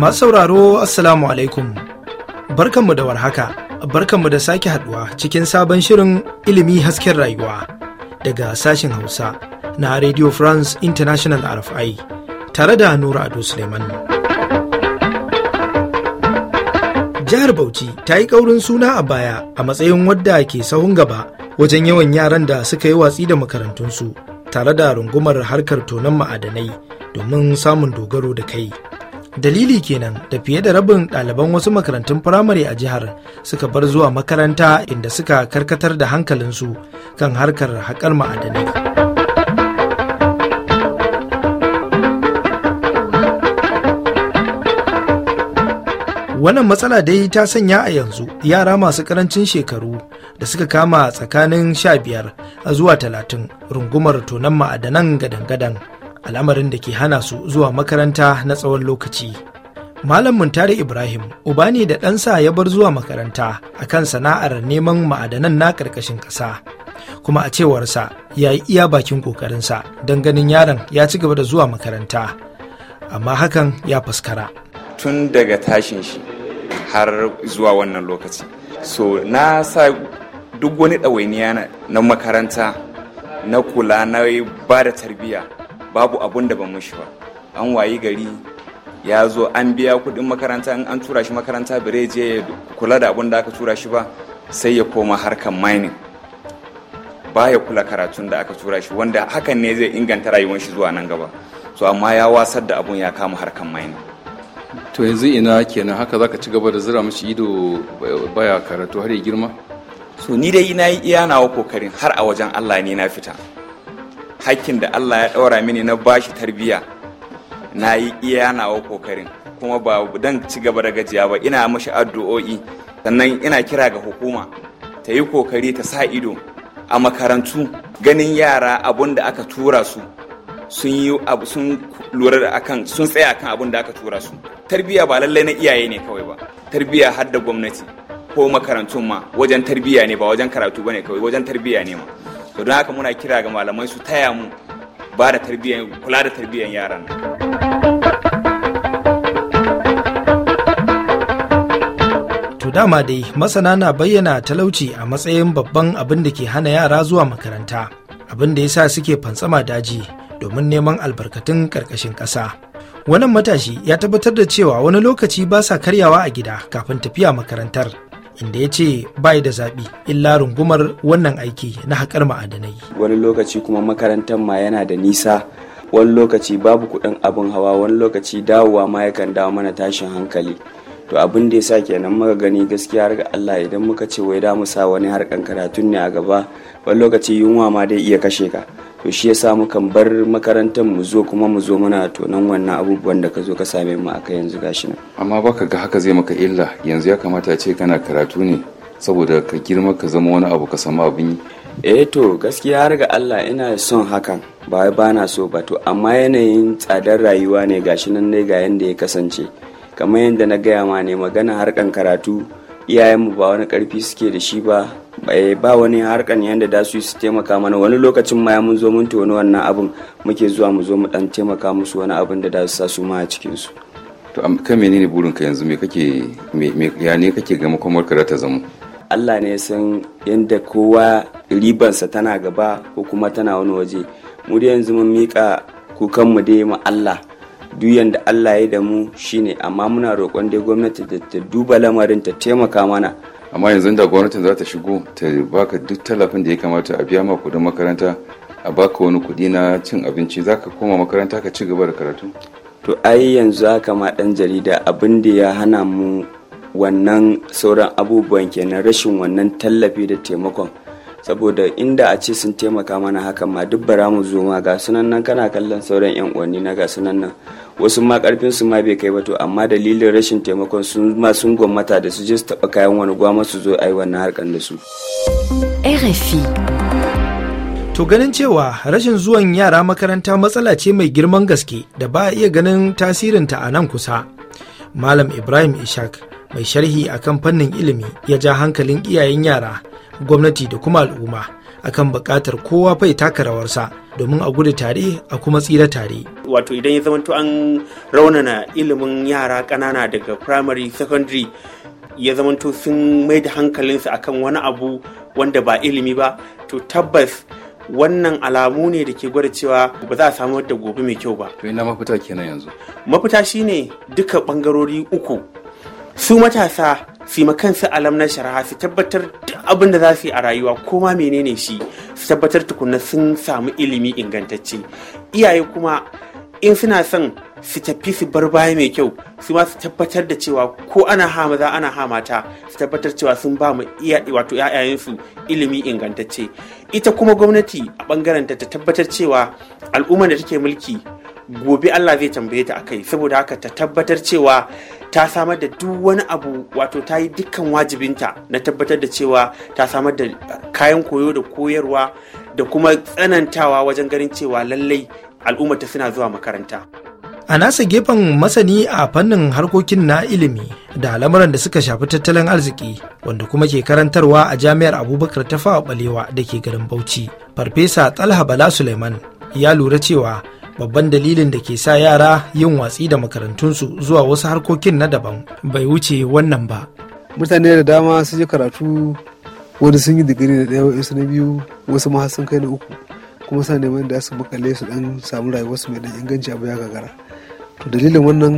Masu sauraro Assalamu alaikum. Barkanmu da warhaka, barkanmu da sake haduwa cikin sabon shirin ilimi hasken rayuwa daga sashen Hausa na Radio France International RFI tare da Nura Ado Suleiman. Jihar Bauchi ta yi ƙaurin suna a baya a matsayin wadda ke sahun gaba wajen yawan yaran da suka yi watsi da makarantunsu tare da rungumar harkar tonon ma'adanai domin samun dogaro da kai. Dalili kenan da fiye da rabin ɗaliban wasu makarantun firamare a jihar suka bar zuwa makaranta inda suka karkatar da hankalinsu kan harkar haƙar ma'adanai. wannan matsala dai ta sanya a yanzu yara masu karancin shekaru da suka kama tsakanin sha biyar zuwa talatin rungumar tonon ma'adanan gadan-gadan al'amarin da ke hana su zuwa makaranta na tsawon lokaci malam muntari ibrahim uba ne da ɗansa ya bar zuwa makaranta a kan sana'ar neman ma'adanan na ƙarƙashin ƙasa kuma a cewarsa ya yi iya bakin ƙoƙarinsa don ganin yaron ya ci gaba da zuwa makaranta amma hakan ya fuskara tun daga tashin shi har zuwa wannan lokaci so na sa duk wani ɗawainiya na makaranta na kula na ba da tarbiyya babu abun da ban mushi ba an wayi gari ya zo an biya kuɗin makaranta in an tura shi makaranta bare je ya kula da abun da aka tura shi ba sai ya koma harkan mining ya kula karatun da aka tura shi wanda hakan ne zai inganta rayuwar shi zuwa nan gaba so amma ya wasar da abun ya kama harkan mining to yanzu ina kenan haka zaka ci gaba da zira mashi ido baya karatu har ya girma so ni dai na yi iya nawa kokarin har a wajen Allah ne na fita hakkin da Allah ya ɗaura mini na bashi tarbiya na yi iya nawa kokarin kuma ba dan ci gaba da gajiya ba ina mashi addu'o'i sannan ina kira ga hukuma ta yi kokari ta sa ido a makarantu ganin yara abun da aka tura su sun yi abu sun lura da akan sun tsaya akan abin da aka tura su tarbiya ba lallai na iyaye ne kawai ba tarbiya har da gwamnati ko makarantun ma wajen tarbiya ne ba wajen karatu bane kawai wajen tarbiya ne ma to don haka muna kira ga malamai su taya mu ba da tarbiya kula da tarbiyan yaran To dama dai masana na bayyana talauci a matsayin babban abin da ke hana yara zuwa makaranta, abin da ya sa suke fantsama daji domin neman albarkatun ƙarƙashin ƙasa. Wannan matashi ya tabbatar da cewa wani lokaci ba sa karyawa a gida kafin tafiya makarantar, inda ya ce bai da zaɓi illa rungumar wannan aiki na haƙar ma'adanai. Wani lokaci kuma makarantar ma yana da nisa wani lokaci babu kuɗin abin hawa wani lokaci dawowa ma yakan dawo mana tashin hankali to abin da ya sa kenan muka gani gaskiya har ga Allah idan muka ce wai da mu sa wani harkan karatun ne a gaba wani lokaci yunwa ma dai iya kashe ka to shi yasa mukan bar makarantar mu zo kuma mu zo muna tonan wannan abubuwan da ka zo ka same mu aka yanzu gashi nan amma baka ga haka zai maka illa yanzu ya kamata ce kana karatu ne saboda ka girma ka zama wani abu ka samu abin yi eh to gaskiya har ga Allah ina son hakan ba ba na so ba to amma yanayin tsadar rayuwa ne gashi nan ne ga yanda ya kasance kamar yadda na gaya ma ne magana harkan karatu iyayenmu ba wani karfi suke da shi ba Eh, ba wani harkan yadda da su su taimaka mana wani lokacin ma mun zo mun wani wannan abin muke zuwa mu zo mu dan taimaka musu wani abin da da su sa su ma a cikin su to kan menene burin ka yanzu me kake me ya ne kake ga makomar ka ta zama Allah ne san yadda kowa ribansa tana gaba ko kuma tana wani waje mu da yanzu mun mika kukan mu dai ma Allah duk yanda Allah ya da mu shine amma muna roƙon dai gwamnati ta duba lamarin ta taimaka mana amma yanzu da gwamnatin za ta shigo ta baka duk tallafin da ya kamata a biya ma kudin makaranta a baka wani kudi na cin abinci za ka koma makaranta ka ci gaba da karatu to ai yanzu haka ma dan jarida abin da ya hana mu wannan sauran abubuwan kenan rashin wannan tallafi da taimakon saboda inda a ce sun taimaka mana hakan ma duk bara mu zo ma ga sunan nan kana kallon sauran yan uwanni na ga sunan nan wasu ma karfin su ma bai kai ba to amma dalilin rashin taimakon sun ma sun gwammata da su je su taba kayan wani gwamma su zo ai wannan harkan da su RFI To ganin cewa rashin zuwan yara makaranta matsala ce mai girman gaske da ba a iya ganin tasirinta a nan kusa. Malam Ibrahim Ishak mai sharhi akan fannin ilimi ya ja hankalin iyayen yara gwamnati da kuma al'umma akan buƙatar kowa fai taka rawarsa domin a gudu tare a kuma tsira tare. Wato idan ya zamanto an raunana ilimin yara ƙanana daga primary secondary ya zamanto sun mai da hankalinsu akan wani abu wanda ba ilimi ba to tabbas wannan alamu ne da ke gwada cewa ba za a samu da gobe mai kyau ba. To ina mafita kenan yanzu. Mafita shine duka bangarori uku su matasa su ma kansu alam na shari'a su tabbatar abin da za su yi a rayuwa ko ma menene shi su tabbatar tukunna sun samu ilimi ingantacce iyaye kuma in suna son su tafi su bar baya mai kyau su ma su tabbatar da cewa ko ana ha maza ana ha mata su tabbatar cewa sun ba mu iya wato yayayensu ilimi ingantacce ita kuma gwamnati a bangaren ta tabbatar cewa al'ummar da take mulki gobe Allah zai tambaye ta akai saboda haka ta tabbatar cewa ta samar da duk wani abu wato ta yi dukkan wajibinta na tabbatar da cewa ta samar da kayan koyo da koyarwa da kuma tsanantawa wajen ganin cewa lallai al'ummata suna zuwa makaranta. A nasa gefen masani a fannin harkokin na ilimi da lamuran da suka shafi tattalin arziki wanda kuma ke karantarwa a jami'ar Abubakar ta fawa balewa da ke garin Bauchi. Farfesa Talha Bala Suleiman ya lura cewa babban dalilin da ke sa yara yin watsi da makarantunsu zuwa wasu harkokin na daban bai wuce wannan ba mutane da dama sun yi karatu wani sun yi digiri da ɗaya wasu na biyu wasu ma sun kai na uku kuma sa neman da su makale su dan samu rayuwarsu mai dan inganci abu ya gagara to dalilin wannan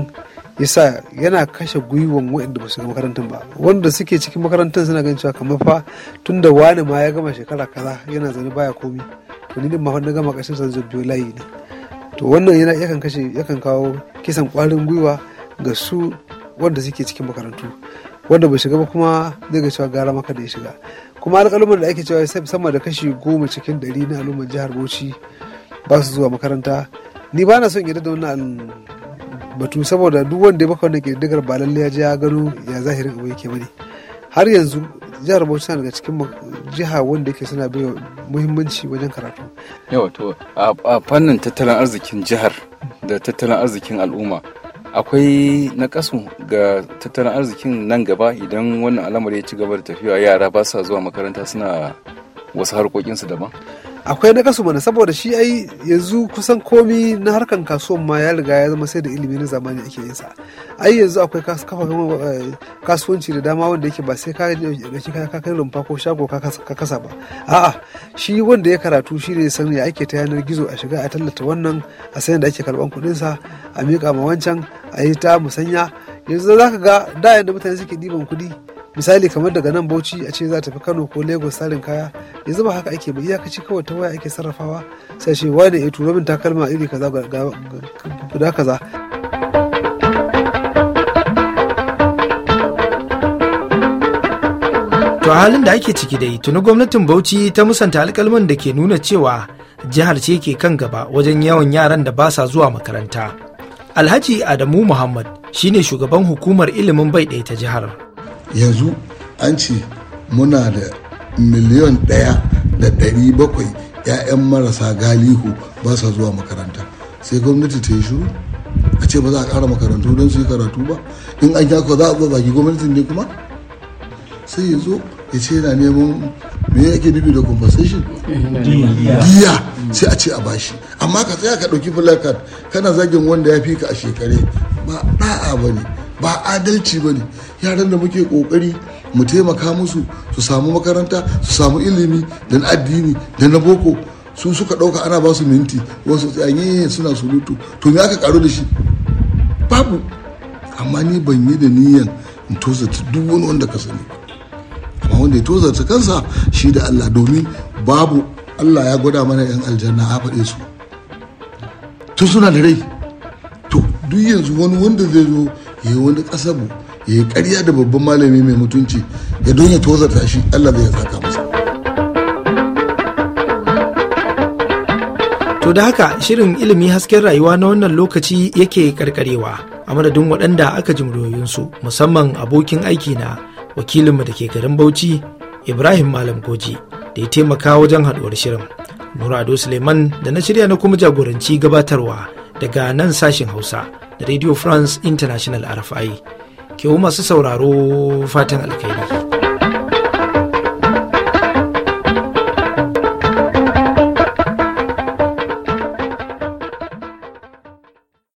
yasa yana kashe gwiwan waɗanda ba su ga makarantar ba wanda suke cikin makarantar suna gan cewa kamar fa tun da wani ma ya gama shekara kaza yana zaune baya komi to ni din ma na gama ƙarshen sa biyu layi ne to wannan yana yakan kashe yakan kawo kisan kwarin gwiwa ga su wanda suke cikin makarantu wanda bai shiga ba kuma zai ga cewa gara maka da ya shiga kuma alƙaluman da ake cewa sama da kashi goma cikin ɗari na al'ummar jihar bauchi ba su zuwa makaranta ni ba na son yadda da wannan batu saboda duk wanda ya baka wannan ƙididdigar ba lallai ya je ya gano ya zahirin abu yake bane har yanzu jihar bauchi tana daga cikin jiha wanda yake suna bai muhimmanci wajen karatu yawa to a fannin tattalin arzikin jihar da tattalin arzikin al'umma akwai nakasu ga tattalin arzikin nan gaba idan wannan al'amari ya ci gaba da tafiya yara ba sa zuwa makaranta suna wasu harkokinsu daban akwai na kasu mana saboda shi ai yanzu kusan komi na harkan kasuwan ma ya riga ya zama sai da ilimi na zamani ake yin sa ai yanzu akwai kafafen eh, kasuwanci da dama wanda yake ba sai ka shi ka kai rumfa ko shago ka kasa ba a'a shi wanda ya karatu shi ne san ya ake ta yanar gizo a shiga a tallata wannan a sayan da ake karban kuɗin sa a miƙa ma wancan a yi ta musanya yanzu za ka ga da yadda mutane suke ɗiban kuɗi misali kamar daga nan bauchi a ce za ta fi kano ko lagos tsarin kaya ya zuba haka ake ba iyakaci kawai ta waya ake sarrafawa sai ce wane ya eh, turo min takalma iri kaza guda kaza To a halin da ake ciki dai tuni gwamnatin Bauchi ta musanta alkalman da ke nuna cewa jihar ce ke kan gaba wajen yawan yaran da ba sa zuwa makaranta. Alhaji Adamu Muhammad shine shugaban hukumar ilimin bai ɗaya ta jihar. yanzu an ce muna da miliyan ɗaya da ɗari bakwai 'ya'yan marasa galihu ba sa zuwa makaranta sai gwamnati ta yi shuru a ce ba za a ƙara makarantu don su yi karatu ba in an kyakwa za a zo baki gwamnati ne kuma sai ya zo ya ce yana neman me ke nufi da compensation diya sai a ce a bashi amma ka tsaya ka ɗauki placard kana zagin wanda ya fi ka a shekare ba ɗa'a ba ne ba adalci ba ne yaran da muke kokari mu taimaka musu su samu makaranta su samu ilimi da na addini da na boko su suka ɗauka ana ba su minti wasu tsanye suna surutu to me aka karu da shi babu amma ni ban yi da niyan in tozata duk wani wanda ka sani amma wanda ya tozarta kansa shi da allah domin babu allah ya gwada mana yan aljanna a faɗe su tun suna da rai to duk yanzu wani wanda zai zo ya wani kasabu ya yi karya da babban malami mai mutunci ya don ya tozarta shi allah zai saka masa to da haka shirin ilimi hasken rayuwa na wannan lokaci yake karkarewa a madadin waɗanda aka ji muryoyinsu musamman abokin aiki na wakilinmu da ke garin bauchi ibrahim malam goji da ya taimaka wajen haɗuwar shirin nura suleiman da na shirya na kuma jagoranci gabatarwa daga nan sashen hausa da radio france international rfi ke masu sauraro fatan alkhairi.